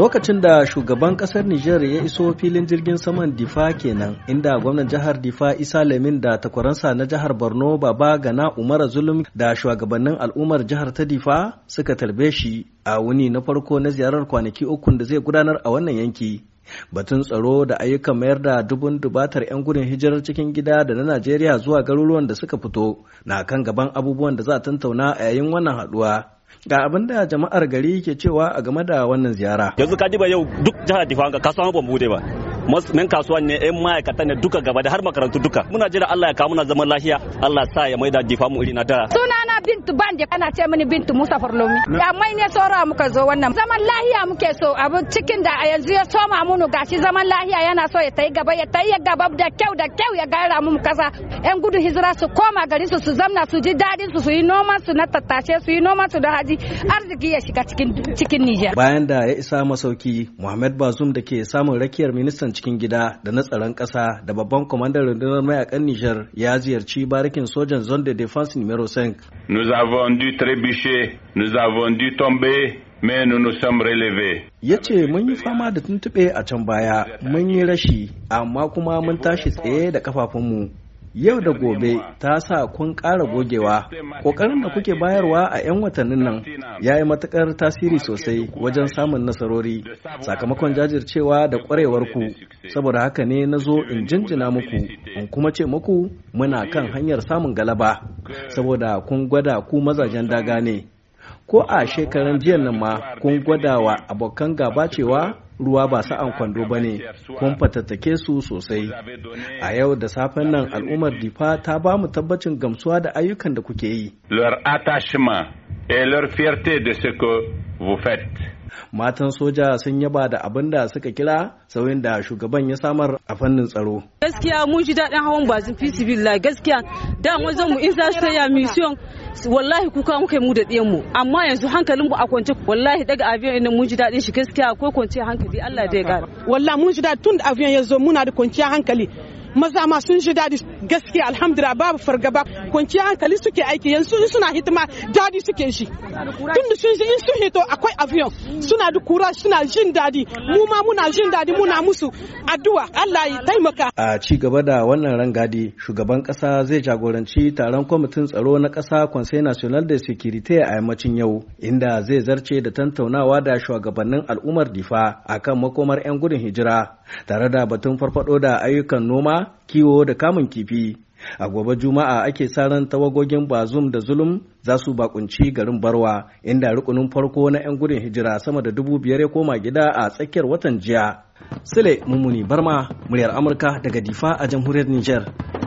lokacin da shugaban kasar Nijar ya iso filin jirgin saman Difa kenan inda gwamnan jihar Difa Isa Lamin da takwaransa na jihar Borno Baba Gana Umar Zulum da shugabannin al'ummar jihar ta Difa suka tarbe shi a wuni na farko na ziyarar kwanaki uku da zai gudanar a wannan yanki. Batun tsaro da ayyukan mayar da dubun dubatar 'yan gudun hijirar cikin gida da na Najeriya zuwa garuruwan da suka fito na kan gaban abubuwan da za a tantauna a yayin wannan haɗuwa. Ga abin da jama'ar gari ke cewa a game da wannan ziyara. Yanzu ka diba yau duk jihar Difa kasuwa ba mu bude ba. mun kasuwan ne yan ma'aikata ne duka gaba da har makarantu duka muna jira Allah ya kawo muna zaman lafiya Allah sa ya maida difa mu iri na da bintu bande ana ce mini bintu musa farlomi ya mai ne sora muka zo wannan zaman lahiya muke so abu cikin da a yanzu ya soma munu gashi zaman lahiya yana so ya tayi gaba ya tayi gaba da kyau da kyau ya gaira mu kasa yan gudu hijira su koma gari su su zamna su ji dadin su su yi noman su na tattashe su yi noma su da haji arziki ya shiga cikin cikin Niger bayan da ya isa masauki Muhammad Bazum da ke samun rakiyar ministan cikin gida da na tsaron kasa da babban kwamandan rundunar mayakan Niger ya ziyarci barikin sojan de Defense Numero 5 Nous avons dû trébucher, nous avons dû tomber, mais nous nous sommes relevés. Ya ce mun yi fama da tuntuɓe a can baya, mun yi rashi, amma kuma mun tashi tsaye da kafafunmu. Yau da gobe ta sa kun ƙara gogewa, ƙoƙarin da kuke bayarwa a 'yan watannin nan ya yi matukar tasiri sosai wajen samun nasarori sakamakon jajircewa da kwarewar ku saboda haka ne na zo in jinjina muku in kuma ce muku muna kan hanyar samun galaba saboda kun gwada ku mazajen daga ne ko a shekaran jiyan nan ma kun gwada wa abokan gaba cewa ruwa ba sa'an kwando ba ne kun fatattake su sosai a yau da safen nan al'ummar difa ta ba mu tabbacin gamsuwa da ayyukan da kuke yi leur attachement et leur fierté de ce que vous faites. Matan soja sun yaba da abin da suka kira sauyin da shugaban ya samar a fannin tsaro. Gaskiya mun ji daɗin hawan bazin la gaskiya da zo mu in za su ya mission wallahi kuka muke mu da mu amma yanzu hankalin mu a kwance wallahi daga aviyon inda mun ji daɗin shi gaskiya akwai kwanciya hankali Allah da ya ƙara. Wallahi mun ji daɗin tun da aviyon ya zo muna da kwanciya hankali maza ma sun ji daɗi gaskiya alhamdulillah babu fargaba kwanciyar hankali suke aiki yanzu suna hitima dadi suke shi tun da sun ji in sun hito akwai avion suna da kura suna jin daɗi mu ma muna jin daɗi muna musu addu'a Allah ya taimaka a ci gaba da wannan rangadi shugaban kasa zai jagoranci taron kwamitin tsaro na kasa Conseil National de Sécurité a yammacin yau inda zai zarce da tantaunawa da shugabannin al'ummar Difa akan makomar 'yan gudun hijira tare da batun farfado da ayyukan noma kiwo da kamun kifi a gobe juma'a ake saran tawagogin bazum da zulum za su bakunci garin barwa inda rukunin farko na 'yan gudun hijira sama da dubu biyar ya koma gida a tsakiyar watan jiya sule mummuni barma muryar amurka daga difa a jamhuriyar niger